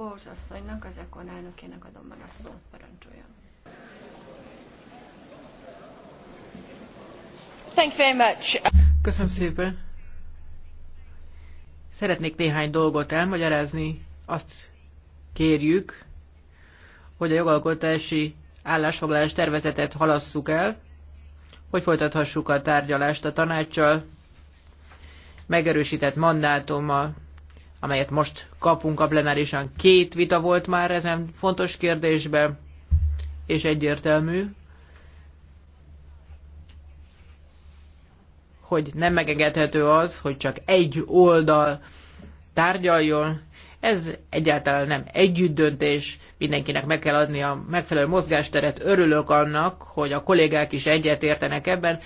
Bors asszonynak, az Ekon elnökének adom meg a szót, parancsoljon. Thank you very much. Köszönöm szépen. Szeretnék néhány dolgot elmagyarázni. Azt kérjük, hogy a jogalkotási állásfoglalás tervezetet halasszuk el, hogy folytathassuk a tárgyalást a tanácssal, megerősített mandátummal amelyet most kapunk a plenárisan. Két vita volt már ezen fontos kérdésben, és egyértelmű, hogy nem megengedhető az, hogy csak egy oldal tárgyaljon. Ez egyáltalán nem együtt döntés. mindenkinek meg kell adni a megfelelő mozgásteret. Örülök annak, hogy a kollégák is egyetértenek ebben.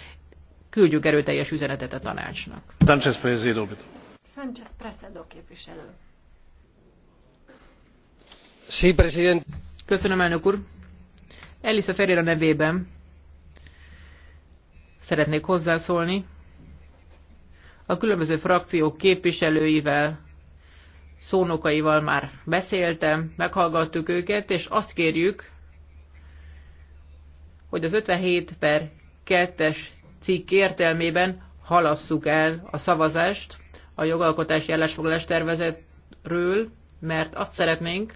Küldjük erőteljes üzenetet a tanácsnak. Sánchez, Sánchez Presedo képviselő. Sí, president. Köszönöm, elnök úr. Elisa Ferreira nevében szeretnék hozzászólni. A különböző frakciók képviselőivel, szónokaival már beszéltem, meghallgattuk őket, és azt kérjük, hogy az 57 per 2-es cikk értelmében halasszuk el a szavazást, a jogalkotási állásfoglalás tervezetről, mert azt szeretnénk,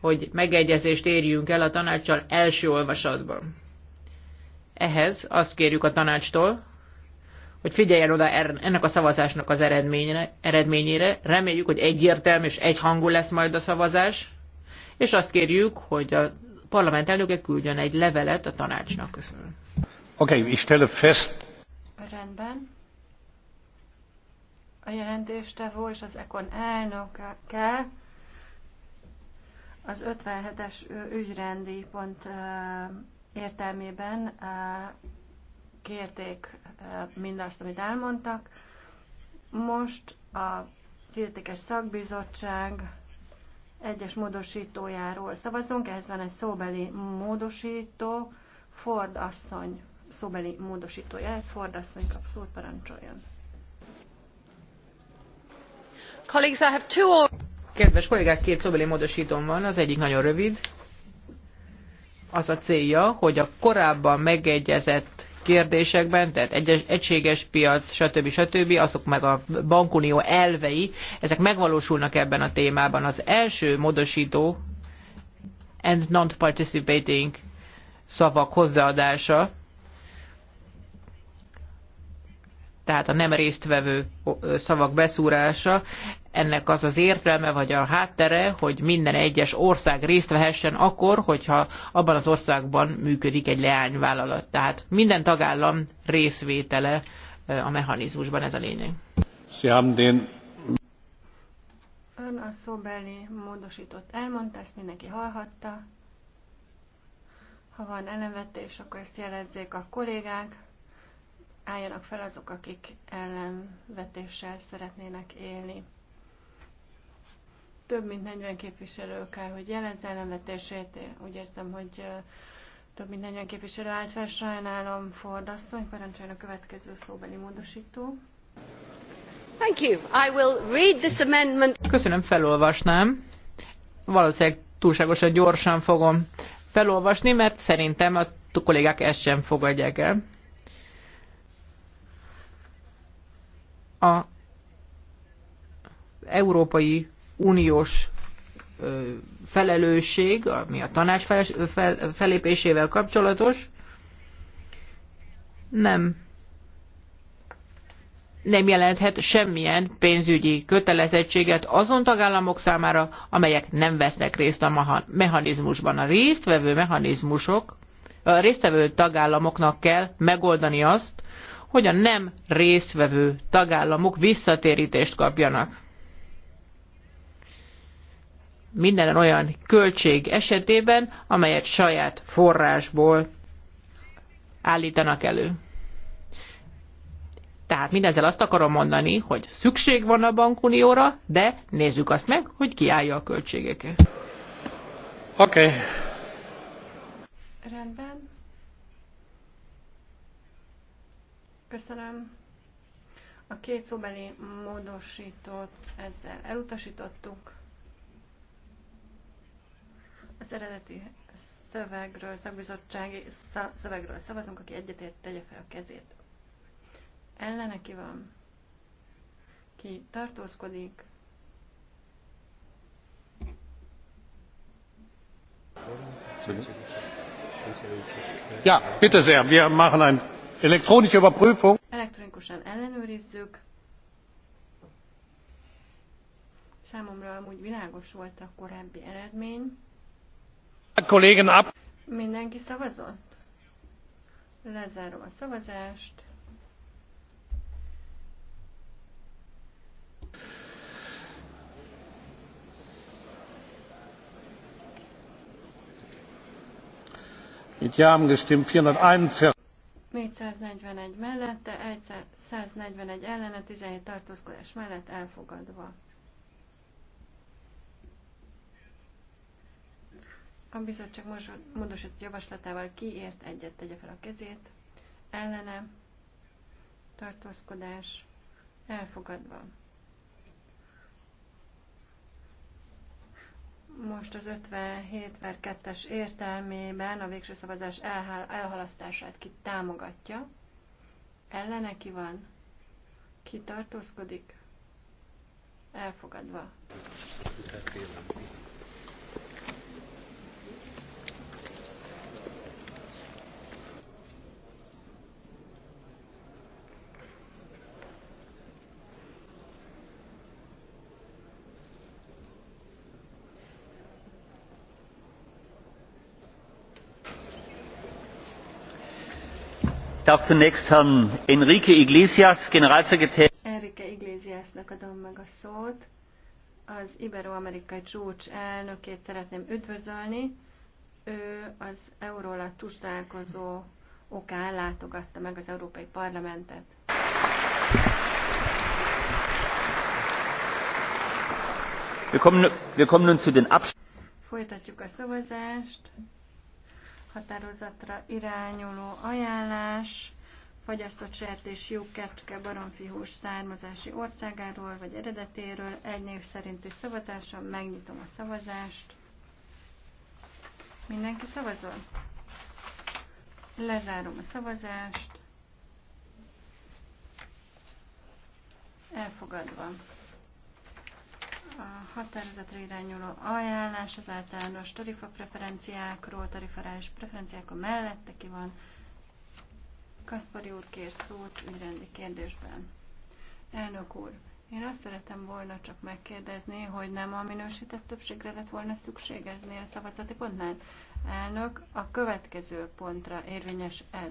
hogy megegyezést érjünk el a tanácssal első olvasatban. Ehhez azt kérjük a tanácstól, hogy figyeljen oda er- ennek a szavazásnak az eredményére. Reméljük, hogy egyértelmű és egyhangú lesz majd a szavazás, és azt kérjük, hogy a parlament elnöke küldjön egy levelet a tanácsnak. Köszönöm. Oké, okay, ich stelle fest. Rendben a jelentéstevő és az Ekon elnöke az 57-es ügyrendi pont értelmében kérték mindazt, amit elmondtak. Most a illetékes szakbizottság egyes módosítójáról szavazunk, ehhez van egy szóbeli módosító, Ford asszony szóbeli módosítója, ez Ford asszony kap szót, parancsoljon. Kedves kollégák, két szóbeli módosítom van, az egyik nagyon rövid. Az a célja, hogy a korábban megegyezett kérdésekben, tehát egyes, egységes piac, stb. stb. azok meg a bankunió elvei, ezek megvalósulnak ebben a témában. Az első módosító and non-participating szavak hozzáadása, tehát a nem résztvevő szavak beszúrása, ennek az az értelme vagy a háttere, hogy minden egyes ország részt vehessen akkor, hogyha abban az országban működik egy leányvállalat. Tehát minden tagállam részvétele a mechanizmusban, ez a lényeg. Ön a szóbeli módosított elmondta, ezt mindenki hallhatta. Ha van ellenvetés, akkor ezt jelezzék a kollégák álljanak fel azok, akik ellenvetéssel szeretnének élni. Több mint 40 képviselő kell, hogy jelez ellenvetését. Úgy érzem, hogy több mint 40 képviselő állt fel. Sajnálom, Ford asszony, parancsoljon a következő szóbeli módosító. Thank you. I will read this amendment. Köszönöm, felolvasnám. Valószínűleg túlságosan gyorsan fogom felolvasni, mert szerintem a kollégák ezt sem fogadják el. a Európai Uniós felelősség, ami a tanács felépésével kapcsolatos, nem nem jelenthet semmilyen pénzügyi kötelezettséget azon tagállamok számára, amelyek nem vesznek részt a mechanizmusban. A résztvevő mechanizmusok, a résztvevő tagállamoknak kell megoldani azt, hogy a nem résztvevő tagállamok visszatérítést kapjanak. Minden olyan költség esetében, amelyet saját forrásból állítanak elő. Tehát mindezzel azt akarom mondani, hogy szükség van a bankunióra, de nézzük azt meg, hogy kiállja a költségeket. Oké. Okay. Rendben. Köszönöm. A két szóbeli módosítót ezzel elutasítottuk. Az eredeti szövegről, szakbizottsági szövegről szavazunk, aki egyetért, tegye fel a kezét. Ellene ki van? Ki tartózkodik? Ja, bitte sehr, wir machen ein Elektronische Überprüfung. Elektronikusan ellenőrizzük. Számomra amúgy világos volt a korábbi eredmény. A kollégen ab. Mindenki szavazott? Lezárom a szavazást. Mit haben gestimmt 441. 441 mellette, 141 ellene, 17 tartózkodás mellett elfogadva. A bizottság módosított javaslatával kiért egyet, tegye fel a kezét, ellene, tartózkodás elfogadva. most az 57 per 2-es értelmében a végső szavazás elhalasztását ki támogatja, ellene ki van, ki tartózkodik, elfogadva. Hát darf zunächst Herrn Enrique Iglesias, Generalsekretär. Enrique Iglesiasnak adom meg a szót. Az Ibero-Amerikai Csúcs elnökét szeretném üdvözölni. Ő az Euróla csúcs okán látogatta meg az Európai Parlamentet. Wir kommen, wir kommen nun zu den Folytatjuk a szavazást határozatra irányuló ajánlás, fagyasztott sertés jó kecske baromfihús származási országáról vagy eredetéről, egy név szerinti szavazáson megnyitom a szavazást. Mindenki szavazol? Lezárom a szavazást. Elfogadva. A határozatra irányuló ajánlás az általános tarifa preferenciákról, tarifarális preferenciákról mellette ki van. Kaszpari úr kér szót ügyrendi kérdésben. Elnök úr, én azt szeretem volna csak megkérdezni, hogy nem a minősített többségre lett volna szükség a szavazati pontnál. Elnök, a következő pontra érvényes ez.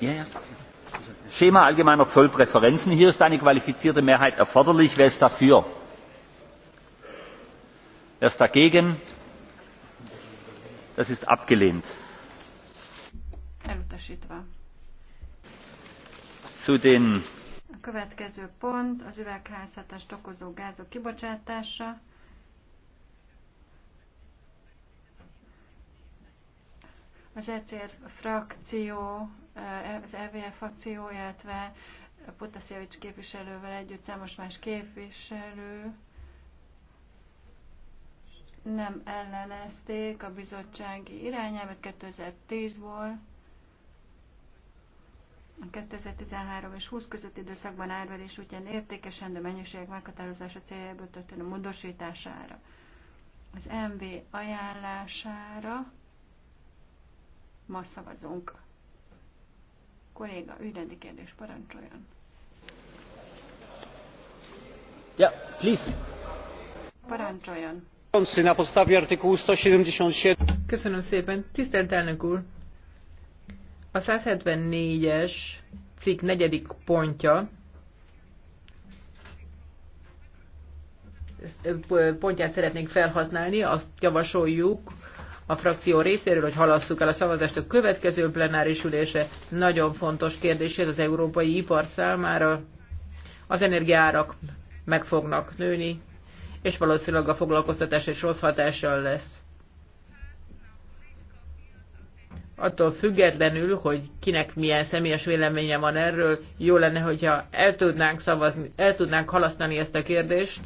yeah schema allgemeiner zollpräferenzen hier ist eine qualifizierte mehrheit erforderlich. wer ist dafür? wer ist dagegen? das ist abgelehnt. zu den Az ECR frakció, eh, az EVF frakció, illetve Potasjevics képviselővel együtt számos más képviselő nem ellenezték a bizottsági irányelvet 2010-ból. A 2013 és 20 között időszakban árverés útján értékesendő mennyiségek meghatározása céljából történő módosítására, az MV ajánlására, ma szavazunk. Kolléga, ügyrendi kérdés, parancsoljon. Ja, please. Parancsoljon. 177. Köszönöm szépen. Tisztelt elnök úr! A 174-es cikk negyedik pontja pontját szeretnénk felhasználni, azt javasoljuk, a frakció részéről, hogy halasszuk el a szavazást a következő plenáris ülése. Nagyon fontos kérdés az európai ipar számára. Az energiárak meg fognak nőni, és valószínűleg a foglalkoztatás is rossz hatással lesz. Attól függetlenül, hogy kinek milyen személyes véleménye van erről, jó lenne, hogyha el tudnánk, szavazni, el tudnánk halasztani ezt a kérdést,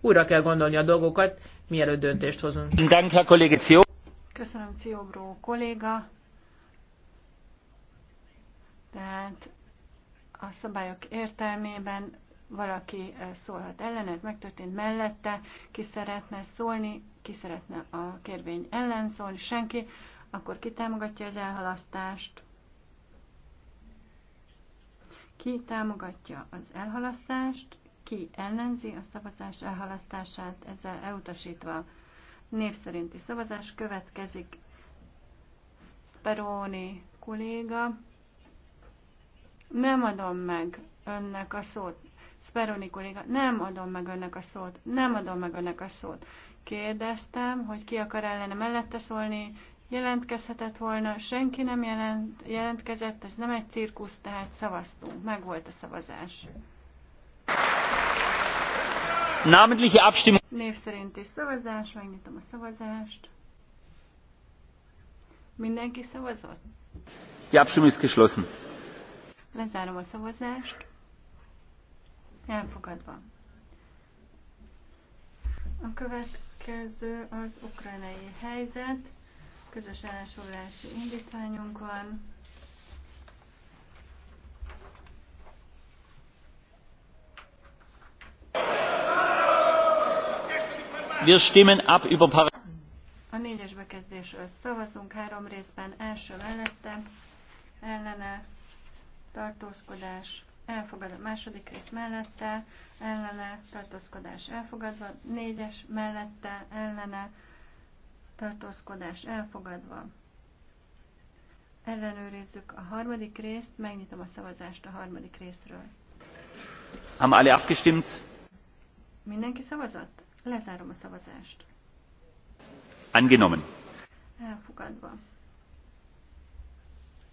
újra kell gondolni a dolgokat, mielőtt döntést hozunk. Köszönöm, Köszönöm, Ciobró kolléga. Tehát a szabályok értelmében valaki eh, szólhat ellen, ez megtörtént mellette, ki szeretne szólni, ki szeretne a kérvény ellen szólni, senki, akkor ki támogatja az elhalasztást? Ki támogatja az elhalasztást? Ki ellenzi a szavazás elhalasztását, ezzel elutasítva? Név szerinti szavazás következik. Speroni kolléga. Nem adom meg önnek a szót. Speroni kolléga, nem adom meg önnek a szót. Nem adom meg önnek a szót. Kérdeztem, hogy ki akar ellene mellette szólni, jelentkezhetett volna, senki nem jelent, jelentkezett, ez nem egy cirkusz, tehát szavaztunk, meg volt a szavazás. Namentliche Abstimmung. Név szerint szerinti szavazás, megnyitom a szavazást. Mindenki szavazott? Die Abstimmung ist geschlossen. Lezárom a szavazást. Elfogadva. A következő az ukrajnai helyzet. Közös állásolási indítványunk van. Wir stimmen ab über a négyes bekezdésről szavazunk három részben, első mellette, ellene, tartózkodás, elfogadva, második rész mellette, ellene, tartózkodás elfogadva, négyes mellette, ellene, tartózkodás elfogadva. Ellenőrizzük a harmadik részt, megnyitom a szavazást a harmadik részről. Haben alle abgestimmt? Mindenki szavazott? Lezárom a szavazást. Angenommen. Elfogadva.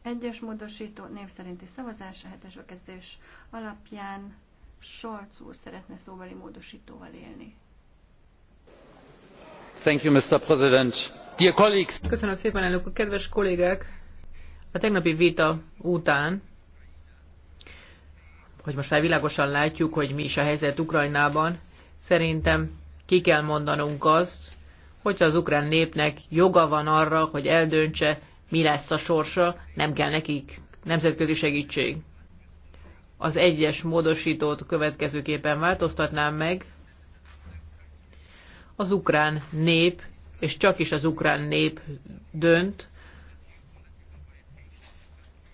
Egyes módosító név szerinti szavazás a hetes bekezdés alapján Scholz úr szeretne szóbeli módosítóval élni. Thank you, Mr. President. Dear colleagues. Köszönöm szépen, elnök úr. Kedves kollégák, a tegnapi vita után, hogy most már világosan látjuk, hogy mi is a helyzet Ukrajnában, szerintem ki kell mondanunk azt, hogy az ukrán népnek joga van arra, hogy eldöntse, mi lesz a sorsa, nem kell nekik nemzetközi segítség. Az egyes módosítót következőképpen változtatnám meg. Az ukrán nép, és csak is az ukrán nép dönt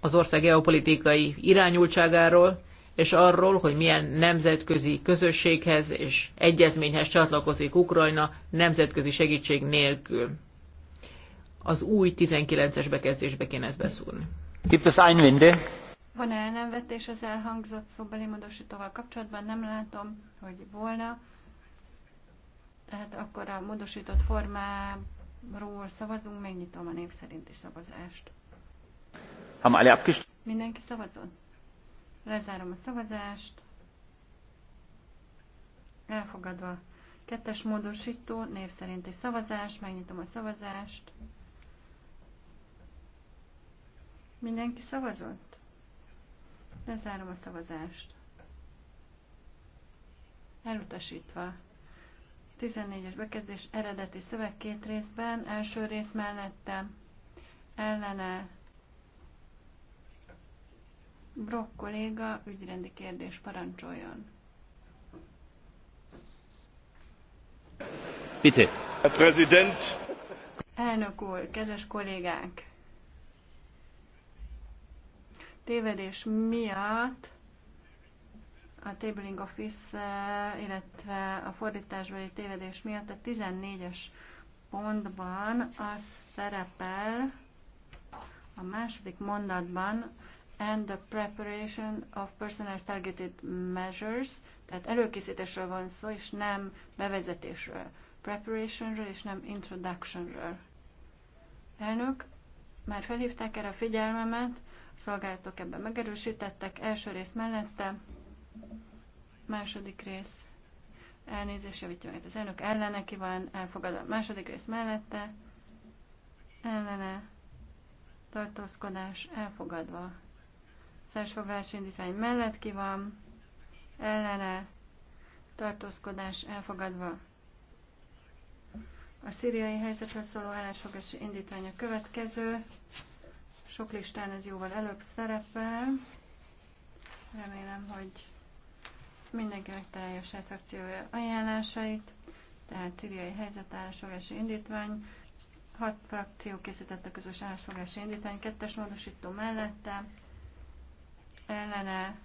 az ország geopolitikai irányultságáról, és arról, hogy milyen nemzetközi közösséghez és egyezményhez csatlakozik Ukrajna nemzetközi segítség nélkül. Az új 19-es bekezdésbe kéne ezt beszúrni. Gibt es Einwände? Van -e ellenvetés az elhangzott szóbeli módosítóval kapcsolatban? Nem látom, hogy volna. Tehát akkor a módosított formáról szavazunk, megnyitom a név szerinti szavazást. Mindenki szavazott? Lezárom a szavazást. Elfogadva. Kettes módosító, név szerinti szavazás, megnyitom a szavazást. Mindenki szavazott? Lezárom a szavazást. Elutasítva. 14-es bekezdés eredeti szöveg két részben, első rész mellette, ellene Brock kolléga ügyrendi kérdés parancsoljon. Bitte. Herr Präsident. Elnök úr, kedves kollégák! Tévedés miatt a Tabling Office, illetve a fordításbeli tévedés miatt a 14-es pontban az szerepel a második mondatban, and the preparation of personal targeted measures, tehát előkészítésről van szó, és nem bevezetésről, preparationről, és nem introductionről. Elnök, már felhívták erre a figyelmemet, a szolgálatok ebben megerősítettek, első rész mellette, második rész, elnézés javítja meg az elnök, ellene ki van, elfogadva, második rész mellette, ellene, tartózkodás elfogadva. Állásfoglalási indítvány mellett ki van, ellene, tartózkodás elfogadva. A szíriai helyzetre szóló állásfogási indítvány a következő. Sok listán ez jóval előbb szerepel. Remélem, hogy mindenki mindenkinek teljes akciója ajánlásait, tehát szíriai helyzet állásfogási indítvány. Hat frakció készítette közös állásfogási indítvány, kettes módosító mellette, ellene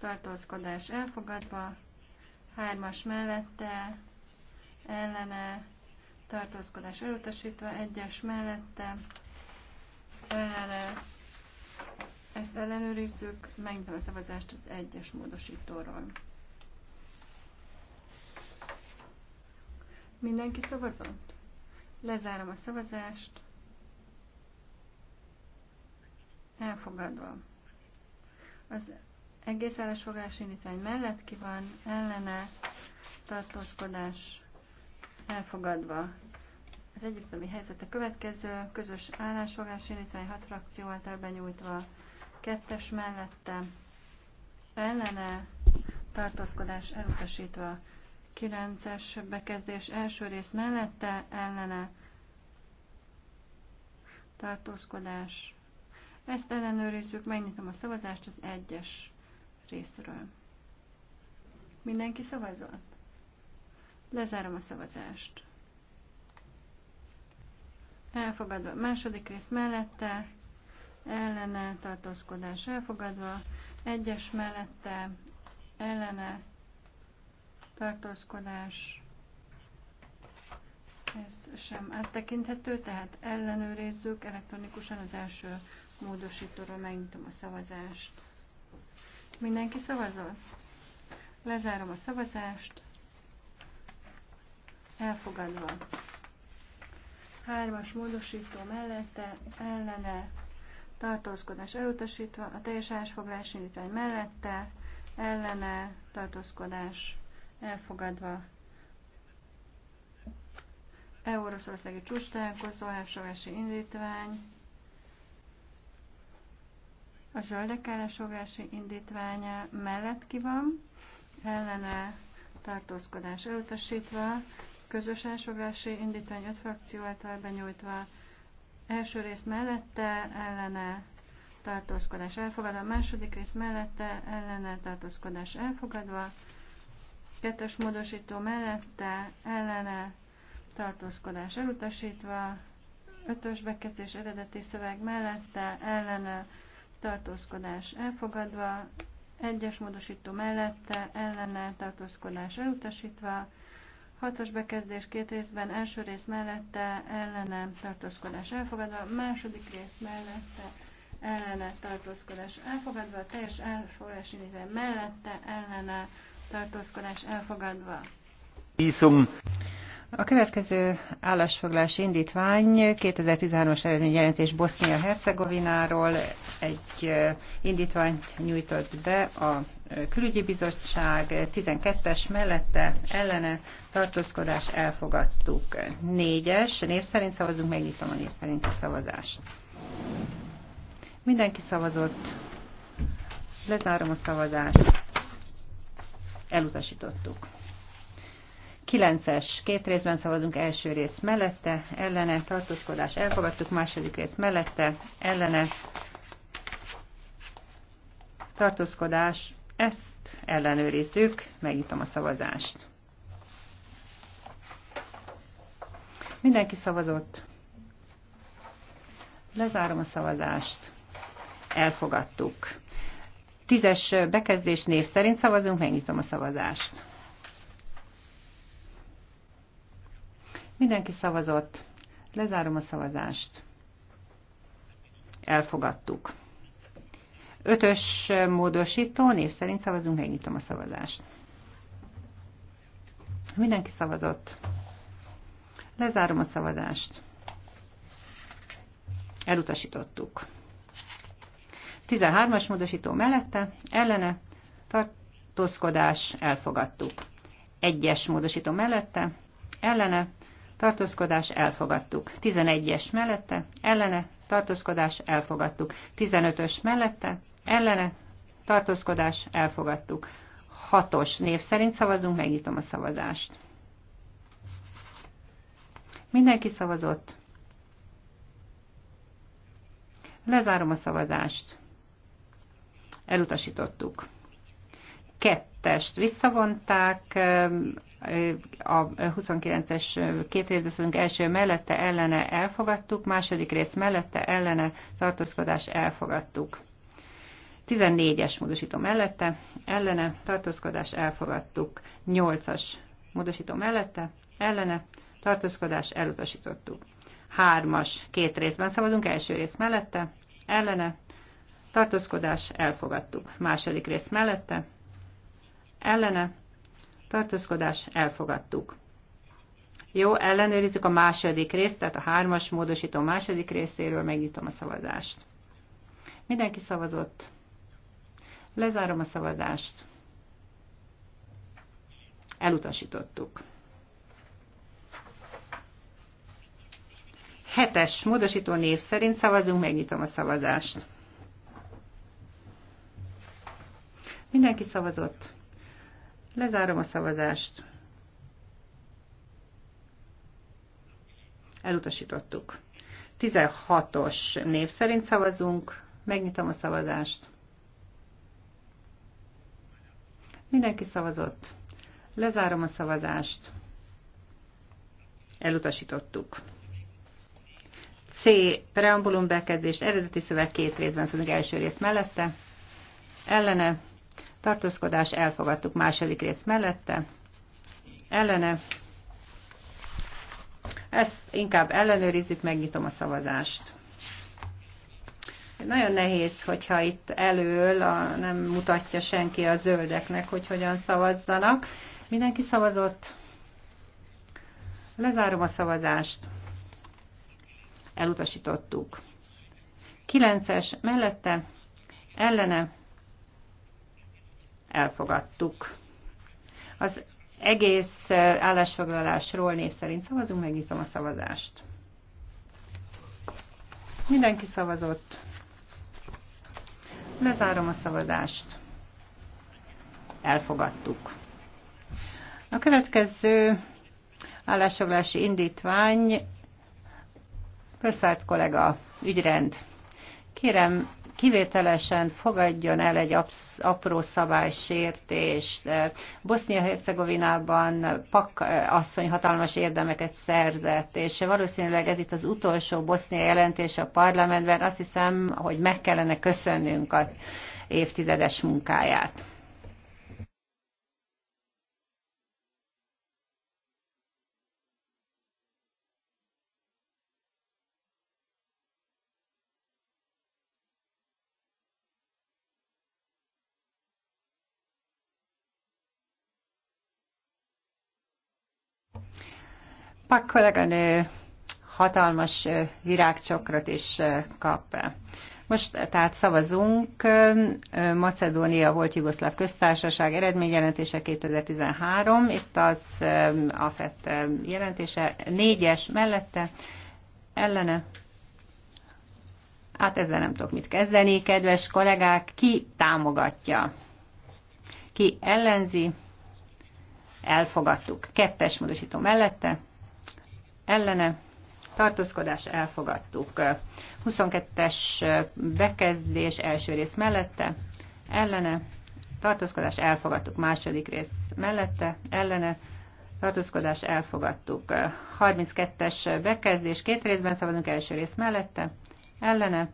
tartózkodás elfogadva, hármas mellette ellene tartózkodás elutasítva, egyes mellette ellene ezt ellenőrizzük, megnyitom a szavazást az egyes módosítóról. Mindenki szavazott? Lezárom a szavazást. Elfogadva. Az egész állásfoglalás indítvány mellett ki van ellene tartózkodás elfogadva. Az egyiptomi helyzet a következő, közös állásfoglalás indítvány hat frakció által benyújtva, kettes mellette ellene tartózkodás elutasítva, kilences bekezdés első rész mellette ellene tartózkodás ezt ellenőrizzük, megnyitom a szavazást az egyes részről. Mindenki szavazott? Lezárom a szavazást. Elfogadva. Második rész mellette, ellene, tartózkodás elfogadva. Egyes mellette, ellene, tartózkodás. Ez sem áttekinthető, tehát ellenőrizzük elektronikusan az első módosítóról megnyitom a szavazást. Mindenki szavazol? Lezárom a szavazást. Elfogadva. Hármas módosító mellette, ellene, tartózkodás elutasítva, a teljes állásfoglalás indítvány mellette, ellene, tartózkodás elfogadva. Eurószországi csúcs találkozó, elfogadási indítvány, a zöldek indítványa mellett ki van, ellene tartózkodás elutasítva, közös állásfoglási indítvány öt frakció által benyújtva, első rész mellette, ellene tartózkodás elfogadva, második rész mellette, ellene tartózkodás elfogadva, kettes módosító mellette, ellene tartózkodás elutasítva, ötös bekezdés eredeti szöveg mellette, ellene tartózkodás elfogadva, egyes módosító mellette, ellene tartózkodás elutasítva, hatos bekezdés két részben, első rész mellette, ellene tartózkodás elfogadva, második rész mellette, ellene tartózkodás elfogadva, teljes elfogadás mellette, ellene tartózkodás elfogadva. Iszom. A következő állásfoglalási indítvány 2013-as eredményjelentés Bosznia-Hercegovináról egy indítványt nyújtott be a külügyi bizottság 12-es mellette ellene tartózkodás elfogadtuk. 4-es név szerint szavazunk, megnyitom a név a szavazást. Mindenki szavazott, lezárom a szavazást, elutasítottuk. Kilences, két részben szavazunk, első rész mellette, ellene, tartózkodás elfogadtuk, második rész mellette, ellene, tartózkodás, ezt ellenőrizzük, megnyitom a szavazást. Mindenki szavazott. Lezárom a szavazást. Elfogadtuk. Tízes bekezdés név szerint szavazunk, megnyitom a szavazást. Mindenki szavazott. Lezárom a szavazást. Elfogadtuk. Ötös módosító, név szerint szavazunk, megnyitom a szavazást. Mindenki szavazott. Lezárom a szavazást. Elutasítottuk. 13-as módosító mellette, ellene, tartózkodás, elfogadtuk. Egyes módosító mellette, ellene, tartózkodás elfogadtuk. 11-es mellette, ellene, tartózkodás elfogadtuk. 15-ös mellette, ellene, tartózkodás elfogadtuk. 6-os név szerint szavazunk, megnyitom a szavazást. Mindenki szavazott. Lezárom a szavazást. Elutasítottuk. 2 22 visszavonták, a 29-es két részben első mellette ellene elfogadtuk, második rész mellette ellene tartózkodás elfogadtuk. 14-es módosító mellette, ellene tartózkodás elfogadtuk. 8-as módosító mellette, ellene tartózkodás elutasítottuk. 3-as két részben szabadunk első rész mellette, ellene tartózkodás elfogadtuk. Második rész mellette, ellene, tartózkodás, elfogadtuk. Jó, ellenőrizzük a második részt, tehát a hármas módosító második részéről megnyitom a szavazást. Mindenki szavazott. Lezárom a szavazást. Elutasítottuk. Hetes módosító név szerint szavazunk, megnyitom a szavazást. Mindenki szavazott. Lezárom a szavazást. Elutasítottuk. 16-os név szerint szavazunk. Megnyitom a szavazást. Mindenki szavazott. Lezárom a szavazást. Elutasítottuk. C. Preambulum bekezdés. Eredeti szöveg két részben szóval első rész mellette. Ellene tartózkodás, elfogadtuk második rész mellette, ellene, ezt inkább ellenőrizzük, megnyitom a szavazást. Nagyon nehéz, hogyha itt elől a, nem mutatja senki a zöldeknek, hogy hogyan szavazzanak. Mindenki szavazott. Lezárom a szavazást. Elutasítottuk. 9-es mellette, ellene, elfogadtuk. Az egész állásfoglalásról név szerint szavazunk, megnyitom a szavazást. Mindenki szavazott. Lezárom a szavazást. Elfogadtuk. A következő állásfoglalási indítvány Pösszárt kollega ügyrend. Kérem, kivételesen fogadjon el egy apró szabálysértést. Bosznia-Hercegovinában Pak asszony hatalmas érdemeket szerzett, és valószínűleg ez itt az utolsó Bosznia jelentés a parlamentben. Azt hiszem, hogy meg kellene köszönnünk az évtizedes munkáját. Pak kolléganő hatalmas virágcsokrot is kap. Most tehát szavazunk. Macedónia volt Jugoszláv köztársaság eredményjelentése 2013. Itt az AFET jelentése négyes mellette ellene. Hát ezzel nem tudok mit kezdeni. Kedves kollégák, ki támogatja? Ki ellenzi? Elfogadtuk. Kettes módosító mellette ellene tartózkodás elfogadtuk. 22-es bekezdés első rész mellette, ellene tartózkodás elfogadtuk. Második rész mellette, ellene tartózkodás elfogadtuk. 32-es bekezdés két részben szavazunk első rész mellette, ellene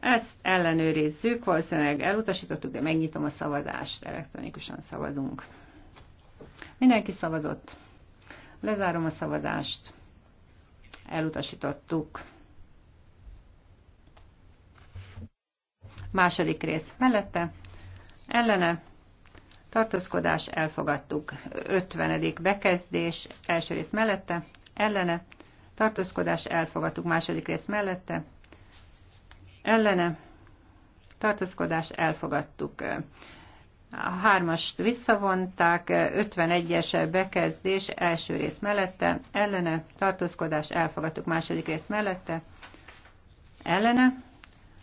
ezt ellenőrizzük, valószínűleg elutasítottuk, de megnyitom a szavazást, elektronikusan szavazunk. Mindenki szavazott. Lezárom a szavazást. Elutasítottuk. Második rész mellette. Ellene. Tartózkodás elfogadtuk. 50. bekezdés első rész mellette. Ellene. Tartózkodás elfogadtuk második rész mellette. Ellene. Tartózkodás elfogadtuk. A hármast visszavonták, 51-es bekezdés első rész mellette, ellene, tartózkodás, elfogadtuk második rész mellette, ellene,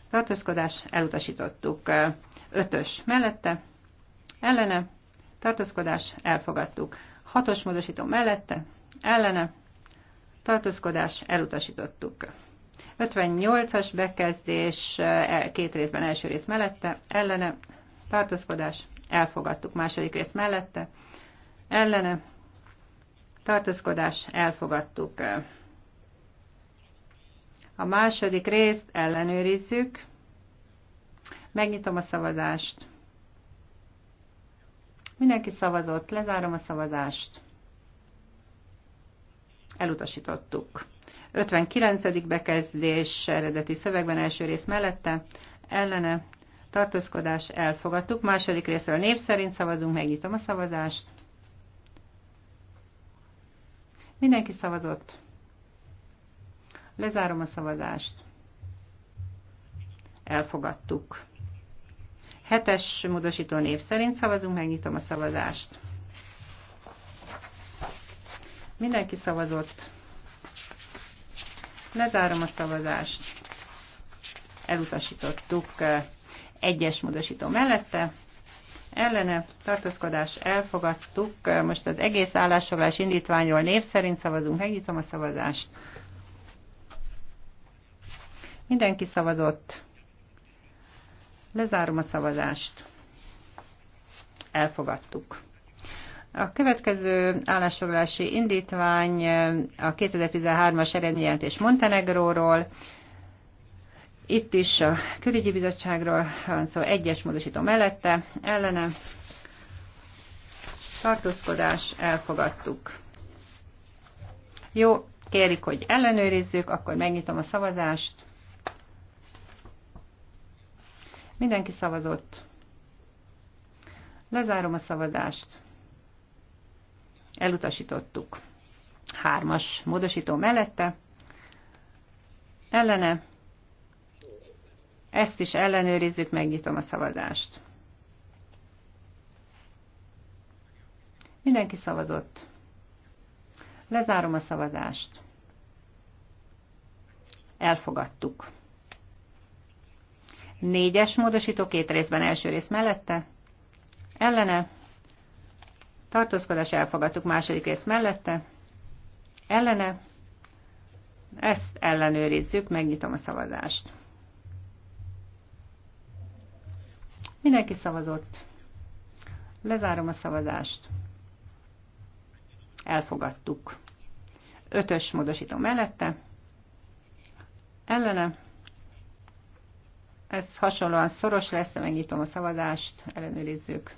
tartózkodás, elutasítottuk. Ötös mellette, ellene, tartózkodás, elfogadtuk. Hatos módosító mellette, ellene, tartózkodás, elutasítottuk. 58-as bekezdés e, két részben első rész mellette, ellene, tartózkodás, elfogadtuk. Második rész mellette, ellene, tartózkodás, elfogadtuk. A második részt ellenőrizzük. Megnyitom a szavazást. Mindenki szavazott, lezárom a szavazást. Elutasítottuk. 59. bekezdés eredeti szövegben első rész mellette, ellene tartózkodás elfogadtuk. Második részről név szerint szavazunk, megnyitom a szavazást. Mindenki szavazott. Lezárom a szavazást. Elfogadtuk. Hetes módosító név szerint szavazunk, megnyitom a szavazást. Mindenki szavazott. Lezárom a szavazást. Elutasítottuk egyes módosító mellette, ellene tartózkodás elfogadtuk. Most az egész állásfoglalás indítványról név szerint szavazunk. Megnyitom a szavazást. Mindenki szavazott. Lezárom a szavazást. Elfogadtuk. A következő állásfoglalási indítvány a 2013-as eredményjelentés Montenegróról. Itt is a külügyi bizottságról van szó, egyes módosító mellette, ellene, tartózkodás, elfogadtuk. Jó, kérik, hogy ellenőrizzük, akkor megnyitom a szavazást. Mindenki szavazott. Lezárom a szavazást. Elutasítottuk. Hármas módosító mellette. Ellene ezt is ellenőrizzük, megnyitom a szavazást. Mindenki szavazott. Lezárom a szavazást. Elfogadtuk. Négyes módosító két részben első rész mellette. Ellene. Tartózkodás elfogadtuk második rész mellette. Ellene. Ezt ellenőrizzük, megnyitom a szavazást. Mindenki szavazott. Lezárom a szavazást. Elfogadtuk. Ötös módosító mellette. Ellene. Ez hasonlóan szoros lesz, de megnyitom a szavazást, ellenőrizzük.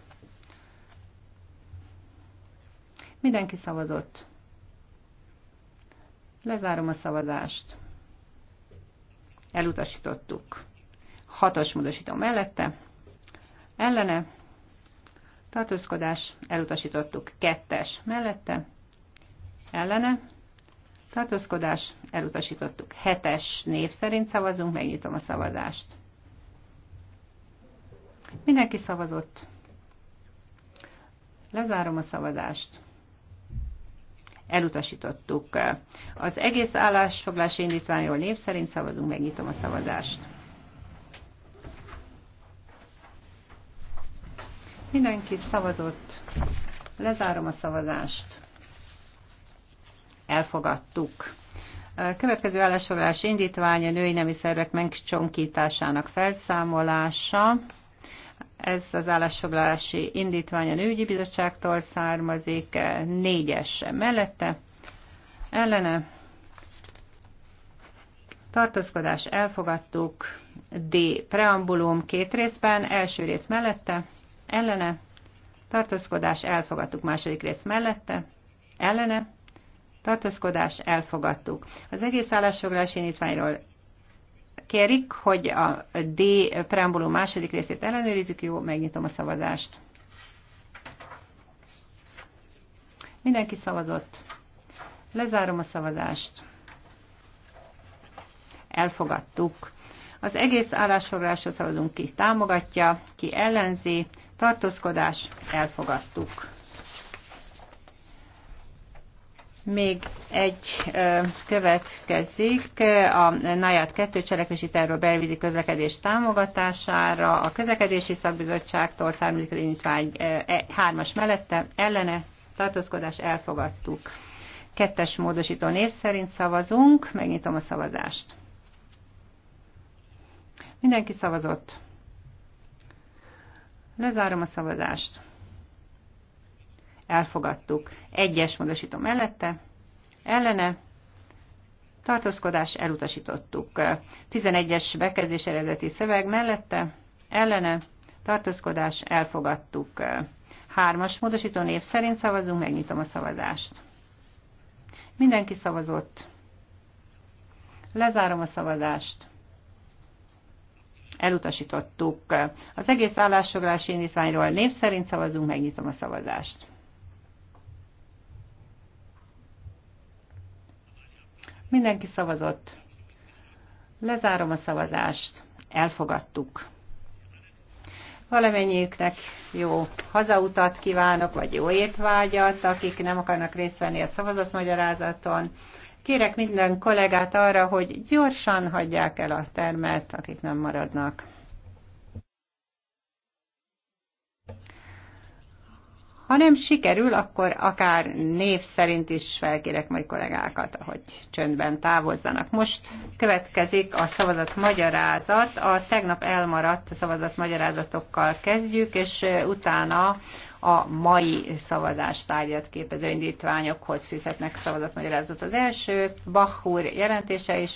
Mindenki szavazott. Lezárom a szavazást. Elutasítottuk. Hatos módosító mellette ellene, tartózkodás, elutasítottuk. Kettes mellette, ellene, tartózkodás, elutasítottuk. Hetes név szerint szavazunk, megnyitom a szavazást. Mindenki szavazott. Lezárom a szavazást. Elutasítottuk. Az egész állásfoglási indítványról név szerint szavazunk, megnyitom a szavazást. Mindenki szavazott. Lezárom a szavazást. Elfogadtuk. Következő állásfoglalás indítványa női nemi szervek megcsonkításának felszámolása. Ez az állásfoglalási indítvány a Nőgyi Bizottságtól származik, négyes mellette. Ellene tartózkodás elfogadtuk, D. Preambulum két részben, első rész mellette, ellene, tartózkodás elfogadtuk. Második rész mellette, ellene, tartózkodás elfogadtuk. Az egész állásfoglalási indítványról kérik, hogy a D preambulum második részét ellenőrizzük. Jó, megnyitom a szavazást. Mindenki szavazott. Lezárom a szavazást. Elfogadtuk. Az egész állásfoglalásra szavazunk, ki támogatja, ki ellenzi, tartózkodás, elfogadtuk. Még egy ö, következik a NAJAT 2 cselekvési tervről belvízi közlekedés támogatására. A közlekedési szakbizottságtól származik az indítvány 3-as e, mellette ellene tartózkodás elfogadtuk. Kettes módosító név szerint szavazunk. Megnyitom a szavazást. Mindenki szavazott. Lezárom a szavazást. Elfogadtuk. Egyes magasító mellette, ellene, tartózkodás elutasítottuk. 11-es bekezdés eredeti szöveg mellette, ellene, tartózkodás elfogadtuk. Hármas módosító név szerint szavazunk, megnyitom a szavazást. Mindenki szavazott. Lezárom a szavazást elutasítottuk. Az egész állásfoglalási indítványról név szerint szavazunk, megnyitom a szavazást. Mindenki szavazott. Lezárom a szavazást. Elfogadtuk. Valamennyiüknek jó hazautat kívánok, vagy jó étvágyat, akik nem akarnak részt venni a magyarázaton. Kérek minden kollégát arra, hogy gyorsan hagyják el a termet, akik nem maradnak. Ha nem sikerül, akkor akár név szerint is felkérek majd kollégákat, hogy csöndben távozzanak. Most következik a szavazat magyarázat. A tegnap elmaradt szavazat magyarázatokkal kezdjük, és utána a mai szavazástárgyat képező indítványokhoz fűzhetnek szavazatmagyarázatot. Az első Bachur jelentése és